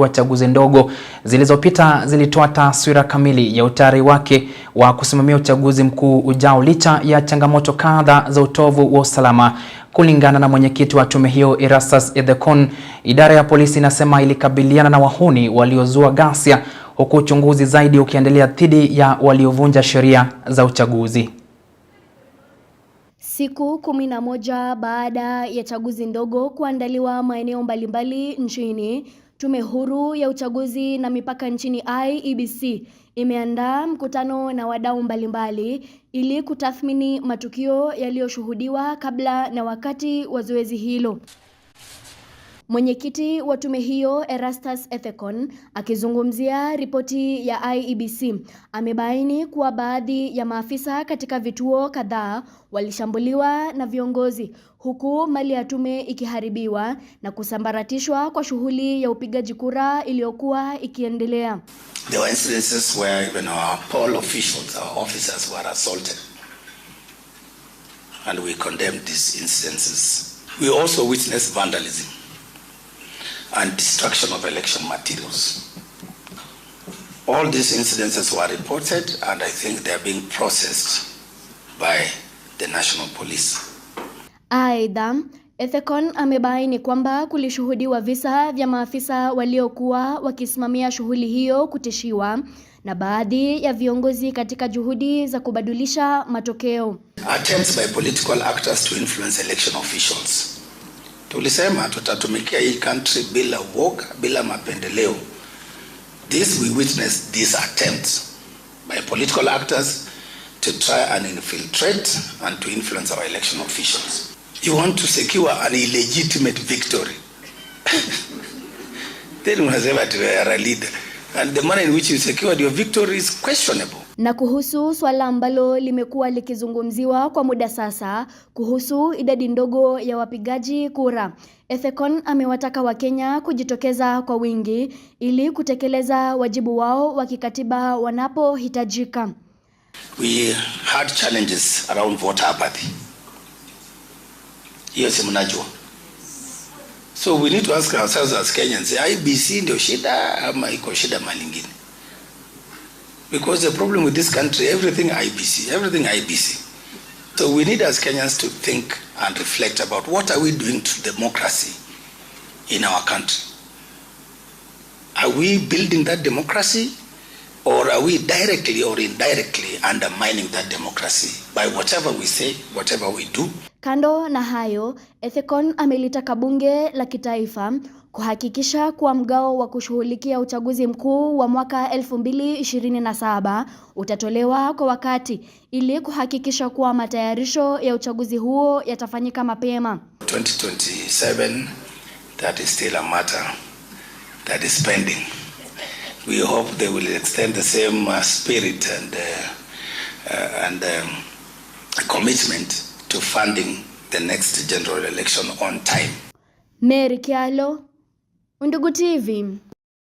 wa chaguzi ndogo zilizopita zilitoa taswira kamili ya utayari wake wa kusimamia uchaguzi mkuu ujao licha ya changamoto kadha za utovu wa usalama. Kulingana na mwenyekiti wa tume hiyo Erastus Ethekon, idara ya polisi inasema ilikabiliana na wahuni waliozua ghasia, huku uchunguzi zaidi ukiendelea dhidi ya waliovunja sheria za uchaguzi. Siku kumi na moja baada ya chaguzi ndogo kuandaliwa maeneo mbalimbali nchini Tume Huru ya Uchaguzi na Mipaka nchini IEBC imeandaa mkutano na wadau mbalimbali ili kutathmini matukio yaliyoshuhudiwa kabla na wakati wa zoezi hilo. Mwenyekiti wa tume hiyo Erastus Ethekon akizungumzia ripoti ya IEBC amebaini kuwa baadhi ya maafisa katika vituo kadhaa walishambuliwa na viongozi huku mali ya tume ikiharibiwa na kusambaratishwa kwa shughuli ya upigaji kura iliyokuwa ikiendelea. There were instances where even our poll officials, our officers were assaulted. And we condemned these instances. We also witnessed vandalism and destruction of election materials. All these incidences were reported and I think they are being processed by the national police. Aidha, Ethekon amebaini kwamba kulishuhudiwa visa vya maafisa waliokuwa wakisimamia shughuli hiyo kutishiwa na baadhi ya viongozi katika juhudi za kubadilisha matokeo. Attempts by political actors to influence election officials. Tulisema tutatumikia hii country bila uoga, bila mapendeleo. This we witness these attempts by political actors to try and infiltrate and to influence our election officials. You want to secure an illegitimate victory. Then unasema to a leader and the manner in which you secured your victory is questionable. Na kuhusu swala ambalo limekuwa likizungumziwa kwa muda sasa kuhusu idadi ndogo ya wapigaji kura, Ethekon amewataka Wakenya kujitokeza kwa wingi ili kutekeleza wajibu wao wa kikatiba wanapohitajika. We had challenges around voter apathy. Hiyo si mnajua. So we need to ask ourselves as Kenyans, IBC ndio shida ama iko shida mali nyingine? Because the problem with this country, everything IBC, everything IBC. So we need as Kenyans to think and reflect about what are we doing to democracy in our country? Are we building that democracy or are we directly or indirectly undermining that democracy by whatever we say, whatever we do? Kando na hayo, Ethekon amelitaka bunge la kitaifa kuhakikisha kuwa mgao wa kushughulikia uchaguzi mkuu wa mwaka 2027 utatolewa kwa wakati ili kuhakikisha kuwa matayarisho ya uchaguzi huo yatafanyika mapema. 2027 that is still a matter that is pending. We hope they will extend the same uh, spirit and, uh, uh, and, um, commitment to funding the next general election on time. Mary Kyalo, Undugu TV.